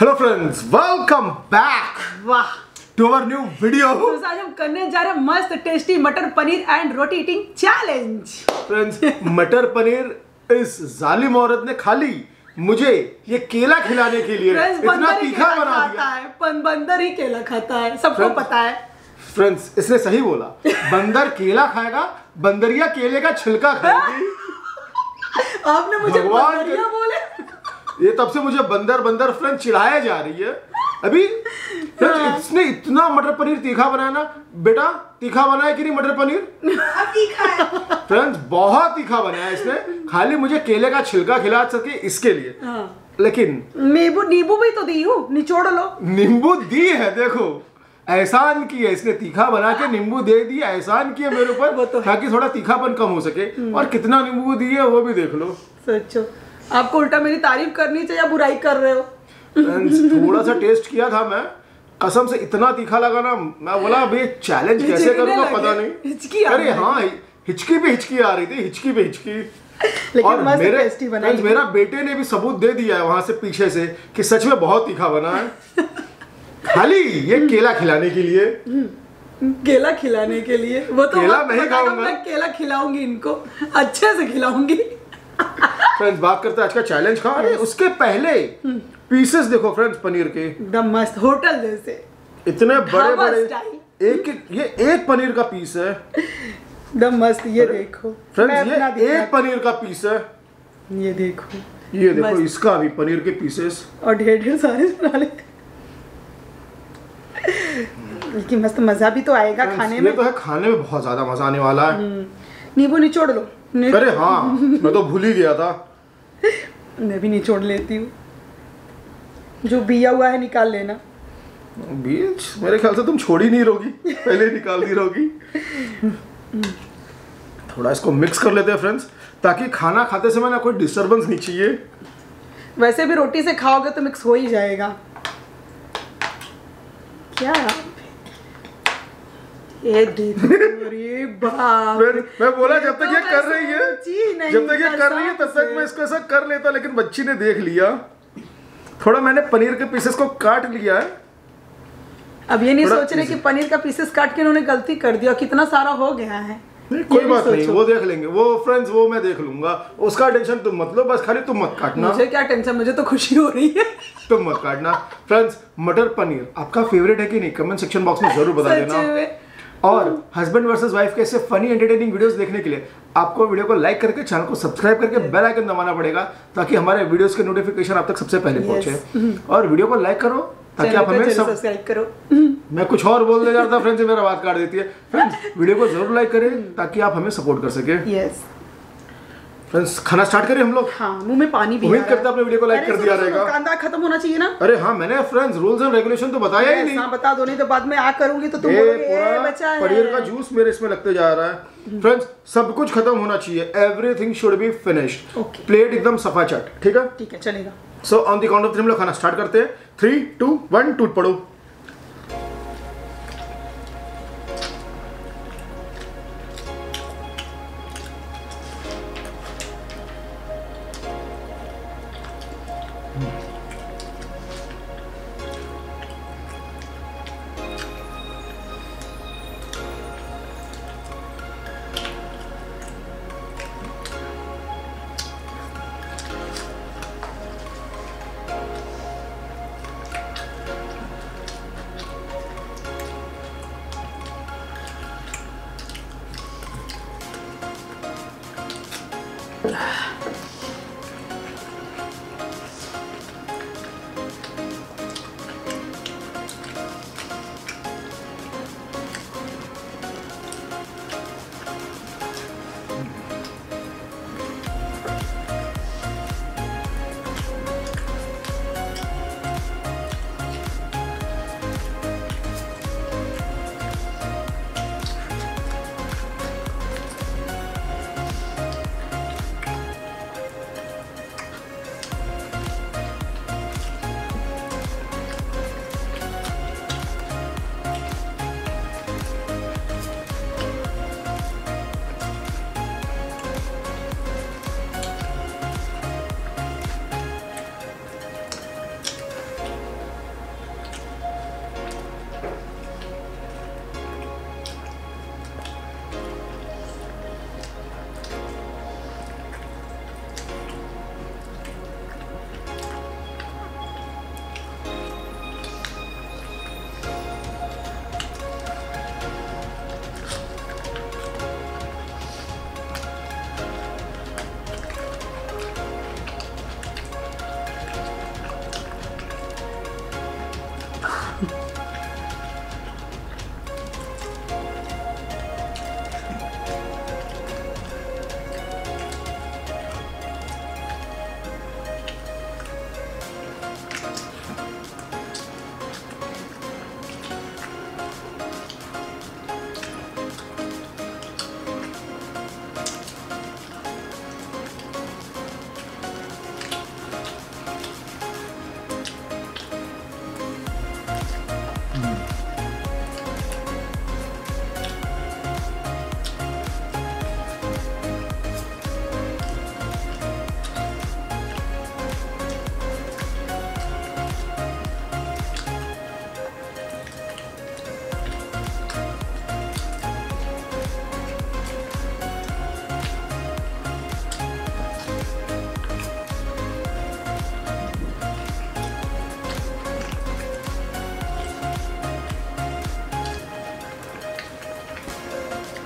Hello friends welcome back वाह to our new video आज हम करने जा रहे हैं मस्त tasty matar paneer and roti eating challenge friends मटर पनीर इस जालिम औरत ने खा ली मुझे ये केला खिलाने के लिए इतना तीखा बना दिया है बंदर ही केला खाता है सबको पता है फ्रेंड्स इसने सही बोला बंदर केला खाएगा बंदरिया केले का छिलका खाएगी आपने मुझे बंदरिया बोले ये तब से मुझे बंदर बंदर फ्रेंड चिढ़ाया जा रही है अभी हाँ। इसने इतना मटर पनीर तीखा बनाया ना बेटा तीखा बनाया कि नहीं मटर पनीर तीखा फ्रेंड्स बहुत तीखा बनाया इसने खाली मुझे केले का छिलका खिला सके इसके लिए हाँ। लेकिन नींबू नींबू भी तो दी हूँ निचोड़ लो नींबू दी है देखो एहसान किया इसने तीखा बना के नींबू दे दिया एहसान किया मेरे ऊपर तो ताकि थोड़ा तीखापन कम हो सके हम्म। और कितना नींबू दिए वो भी देख लो सोचो आपको उल्टा मेरी तारीफ करनी चाहिए या बुराई कर रहे हो थोड़ा सा टेस्ट किया था मैं कसम से इतना तीखा लगा ना मैं बोला अभी चैलेंज कैसे करूंगा पता नहीं हिचकी अरे हाँ हिचकी पे हिचकी आ रही थी हिचकी पे हिचकी लेकिन और मेरे मेरा बेटे ने भी सबूत दे दिया है वहां से पीछे से कि सच में बहुत तीखा बना है खाली ये केला खिलाने के लिए केला खिलाने के लिए वो तो केला हाँ, नहीं खाऊंगा केला खिलाऊंगी इनको अच्छे से खिलाऊंगी फ्रेंड्स बात करते हैं आज का चैलेंज खा रहे उसके पहले पीसेस हम्म. देखो फ्रेंड्स पनीर के एकदम मस्त होटल जैसे इतने बड़े बड़े एक एक ये एक पनीर का पीस है एकदम मस्त ये देखो फ्रेंड्स ये एक पनीर का पीस है ये देखो ये देखो इसका भी पनीर के पीसेस और ढेर ढेर सारे बना ले लेकिन मस्त मजा भी तो आएगा खाने में तो है खाने में बहुत ज्यादा मजा आने वाला है हम्म। नींबू निचोड़ लो अरे हाँ मैं तो भूल ही गया था मैं भी नहीं छोड़ लेती हूँ जो बिया हुआ है निकाल लेना बीच मेरे ख्याल से तुम छोड़ ही नहीं रहोगी पहले निकाल दी रहोगी थोड़ा इसको मिक्स कर लेते हैं फ्रेंड्स ताकि खाना खाते समय ना कोई डिस्टर्बेंस नहीं चाहिए वैसे भी रोटी से खाओगे तो मिक्स हो ही जाएगा क्या ये मैं, मैं बोला जब तक तो ये कर रही है जब तक ये कर रही है तब तक मैं इसको ऐसा कर लेता लेकिन बच्ची ने देख लिया थोड़ा मैंने पनीर के पीसेस को काट लिया है अब ये नहीं सोच रहे कि पनीर का पीसेस काट के इन्होंने गलती कर दिया कितना सारा हो गया है नहीं कोई बात नहीं वो देख लेंगे वो फ्रेंड्स वो मैं देख लूंगा उसका टेंशन तुम मत लो बस खाली तुम मत काटना मुझे क्या टेंशन मुझे तो खुशी हो रही है तुम मत काटना फ्रेंड्स मटर पनीर आपका फेवरेट है कि नहीं कमेंट सेक्शन बॉक्स में जरूर बता देना और हस्बैंड वर्सेस वाइफ के ऐसे फनी एंटरटेनिंग वीडियोस देखने के लिए आपको वीडियो को लाइक करके चैनल को सब्सक्राइब करके बेल आइकन दबाना पड़ेगा ताकि हमारे वीडियोस के नोटिफिकेशन आप तक सबसे पहले पहुंचे और वीडियो को लाइक करो ताकि आप हमें सब्सक्राइब करो मैं कुछ और जा रहा था फ्रेंड्स मेरा बात काट देती है फ्रेंड्स वीडियो को जरूर लाइक करें ताकि आप हमें सपोर्ट कर सके यस फ्रेंड्स खाना स्टार्ट करें हम लोग हाँ मुंह में पानी भी उम्मीद करते अपने वीडियो को लाइक कर दिया रहेगा कांदा खत्म होना चाहिए ना अरे हाँ मैंने फ्रेंड्स रूल्स एंड रेगुलेशन तो बताया ही नहीं हाँ, बता दो नहीं तो बाद में आ करूंगी तो तुम पनीर का जूस मेरे इसमें लगते जा रहा है फ्रेंड्स सब कुछ खत्म होना चाहिए everything should be finished plate एकदम सफा चट ठीक है ठीक है चलेगा so on the count of three हम लोग खाना स्टार्ट करते हैं थ्री टू वन टूट पड़ो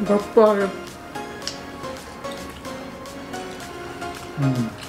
добавим. Mm.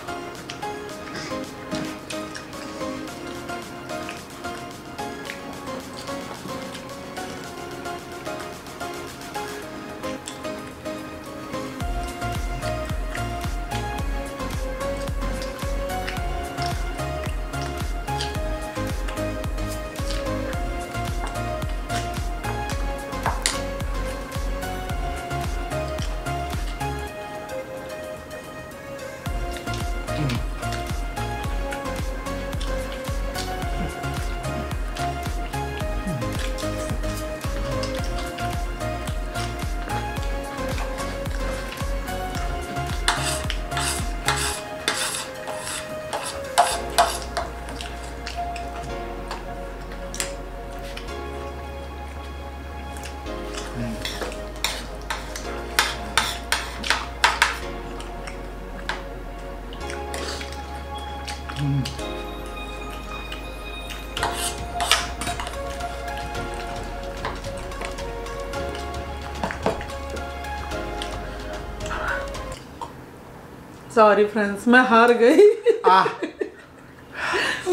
सॉरी फ्रेंड्स मैं हार गई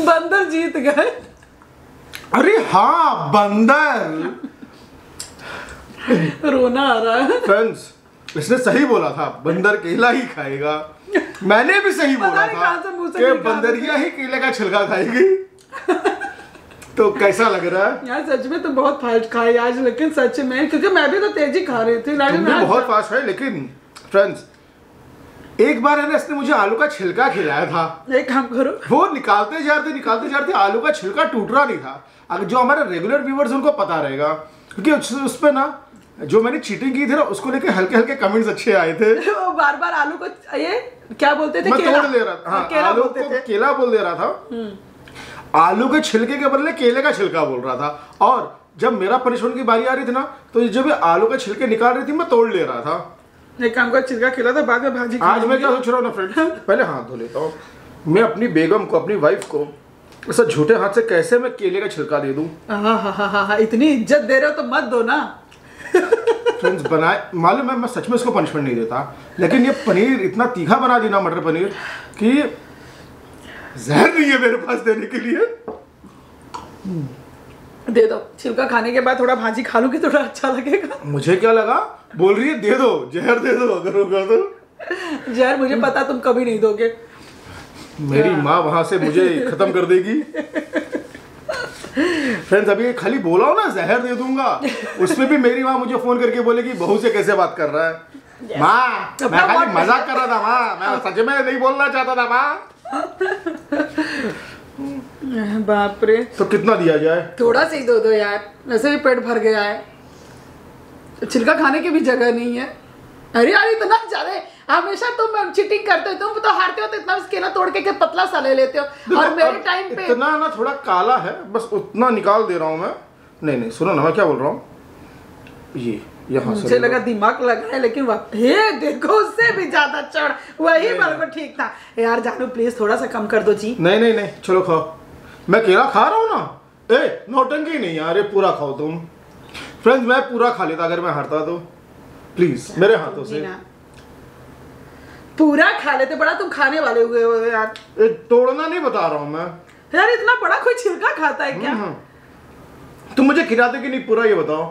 बंदर जीत गए अरे हाँ बंदर रोना आ रहा है फ्रेंड्स इसने सही बोला था बंदर केला ही खाएगा मैंने भी सही बोला था कि बंदरिया ही केले का छिलका खाएगी तो कैसा लग रहा है यार सच में तो बहुत फास्ट खाई आज लेकिन सच में क्योंकि मैं भी तो तेजी खा रही थी तुम भी बहुत फास्ट है लेकिन फ्रेंड्स एक बार है ना इसने मुझे आलू का छिलका खिलाया था एक काम करो वो निकालते जाते निकालते जाते आलू का छिलका टूट रहा नहीं था अगर जो हमारे रेगुलर व्यूवर्स उनको पता रहेगा क्योंकि उस, उस पर ना जो मैंने चीटिंग की थी ना उसको लेके हल्के हल्के कमेंट्स अच्छे आए थे वो बार बार आलू को ये क्या बोलते थे केला तोड़ ले रहा था हाँ, हाँ केला आलू को थे? केला बोल दे रहा था हम्म। आलू के छिलके के बदले केले का छिलका बोल रहा था और जब मेरा पनिशमेंट की बारी आ रही थी ना तो जब आलू का छिलके निकाल रही थी मैं तोड़ ले रहा था एक काम का चिरका खिला था बाद में भाजी आज मैं क्या सोच रहा हूँ ना फ्रेंड हाँ। पहले हाथ धो लेता हूँ मैं अपनी बेगम को अपनी वाइफ को ऐसा झूठे हाथ से कैसे मैं केले का छिलका दे दूँ हाँ, हाँ, इतनी इज्जत दे रहे हो तो मत दो ना फ्रेंड्स बनाए मालूम है मैं सच में इसको पनिशमेंट नहीं देता लेकिन ये पनीर इतना तीखा बना दी ना मटर पनीर कि जहर नहीं है मेरे पास देने के लिए दे दो छिलका खाने के बाद थोड़ा भाजी खा लूंगी थोड़ा अच्छा लगेगा मुझे क्या लगा बोल रही है दे दो जहर दे दो अगर वो तो। कर जहर मुझे पता तुम कभी नहीं दोगे मेरी माँ वहां से मुझे खत्म कर देगी फ्रेंड्स अभी खाली बोला हो ना जहर दे दूंगा उसमें भी मेरी माँ मुझे फोन करके बोलेगी बहू से कैसे बात कर रहा है माँ मैं खाली मजाक कर रहा था माँ मैं सच में नहीं बोलना चाहता था माँ बाप रे तो कितना दिया जाए थोड़ा सा ही दो दो यार वैसे भी पेट भर गया है छिलका खाने की भी जगह नहीं है अरे यार इतना ज्यादा हमेशा तुम चीटिंग करते हो तुम तो हारते हो तो इतना केला तोड़ के, के पतला सा ले लेते हो और मेरे टाइम पे इतना ना थोड़ा काला है बस उतना निकाल दे रहा हूँ मैं नहीं नहीं सुनो ना मैं क्या बोल रहा हूँ ये यहाँ मुझे लगा दिमाग लगा है लेकिन हे देखो उससे भी ज्यादा चढ़ वही बिल्कुल ठीक था यार जानू प्लीज थोड़ा सा कम कर दो जी नहीं नहीं नहीं चलो खाओ मैं केला खा रहा हूँ ना ए नौटंकी नहीं यार ये पूरा खाओ तुम फ्रेंड्स मैं पूरा खा लेता अगर मैं हारता तो प्लीज अच्छा, मेरे हाथों से पूरा खा लेते बड़ा तुम खाने वाले हुए हो यार ए, तोड़ना नहीं बता रहा हूँ मैं यार इतना बड़ा कोई छिलका खाता है क्या हम्म, हम्म। तुम मुझे खिलाते कि नहीं पूरा ये बताओ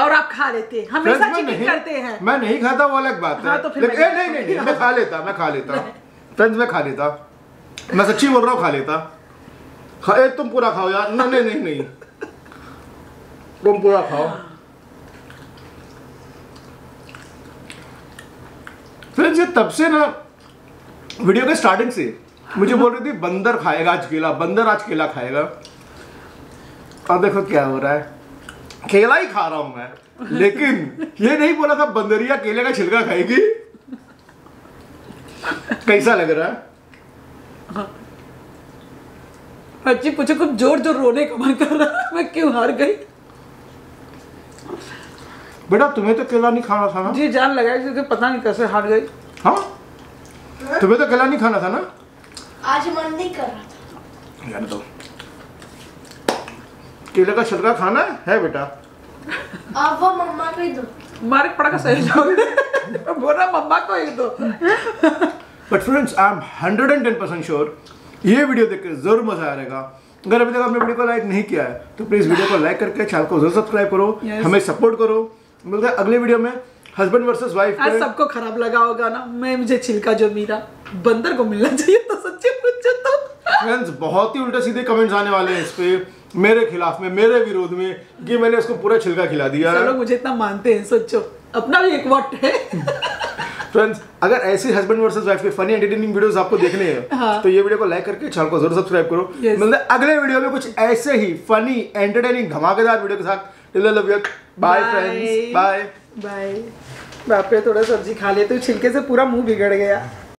और आप खा लेते हैं हमेशा चीटिंग करते हैं मैं नहीं खाता वो अलग बात है हाँ, तो फिर नहीं, नहीं मैं खा लेता मैं खा लेता फ्रेंड्स मैं खा लेता मैं सच्ची बोल रहा हूँ खा लेता खाओ ए तुम पूरा खाओ यार नहीं नहीं नहीं नहीं तुम पूरा खाओ फ्रेंड्स ये तब से ना वीडियो के स्टार्टिंग से मुझे बोल रही थी बंदर खाएगा आज केला बंदर आज केला खाएगा अब देखो क्या हो रहा है केला ही खा रहा हूं मैं लेकिन ये नहीं बोला था बंदरिया केले का छिलका खाएगी कैसा लग रहा है बच्ची पूछो कुछ जोर जोर रोने का मन कर रहा मैं क्यों हार गई बेटा तुम्हें तो केला नहीं खाना था ना जी जान लगाई क्योंकि पता नहीं कैसे हार गई हाँ तुम्हें तो केला नहीं खाना था ना आज मन नहीं कर रहा था यार तो केले का छिलका खाना है, है बेटा आप वो मम्मा को ही दो मारे पड़ा का सही जाओगे बोला मम्मा को ही दो but friends I am 110% sure ये वीडियो देख देखकर जरूर मजा आएगा अगर अभी तक आपने वीडियो को लाइक नहीं किया है तो प्लीज़ वीडियो को लाइक करके चैनल को जरूर सब्सक्राइब करो yes. हमें सपोर्ट करो मिलते हैं अगले वीडियो में हस्बैंड वर्सेस वाइफ आज सबको खराब लगा होगा ना मैं मुझे छिलका जो मीरा बंदर को मिलना चाहिए तो सच्चे पूछो तो फ्रेंड्स बहुत ही उल्टे सीधे कमेंट्स आने वाले हैं इस पे मेरे खिलाफ में मेरे विरोध में कि मैंने उसको पूरा छिलका खिला दिया लोग मुझे इतना मानते हैं सोचो अपना भी एक वट है फ्रेंड्स अगर ऐसी हस्बैंड वर्सेस वाइफ के फनी एंटरटेनिंग वीडियोस आपको देखने हैं हाँ. तो ये वीडियो को लाइक करके चैनल को जरूर सब्सक्राइब करो yes. मिलते हैं अगले वीडियो में कुछ ऐसे ही फनी एंटरटेनिंग धमाकेदार वीडियो के साथ till the love you bye friends bye bye बाप रे थोड़ा सब्जी खा ले तो छिलके से पूरा मुंह बिगड़ गया